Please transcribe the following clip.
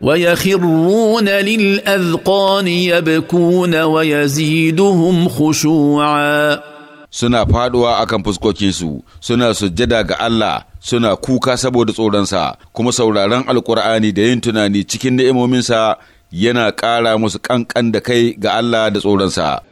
ويخرون للأذقان يبكون ويزيدهم خشوعا suna faduwa akan fuskokinsu suna sujjada ga Allah suna kuka saboda tsoronsa kuma sauraron alkur'ani da yin tunani cikin ni'imominsa yana ƙara musu ƙanƙan da kai ga Allah da tsoronsa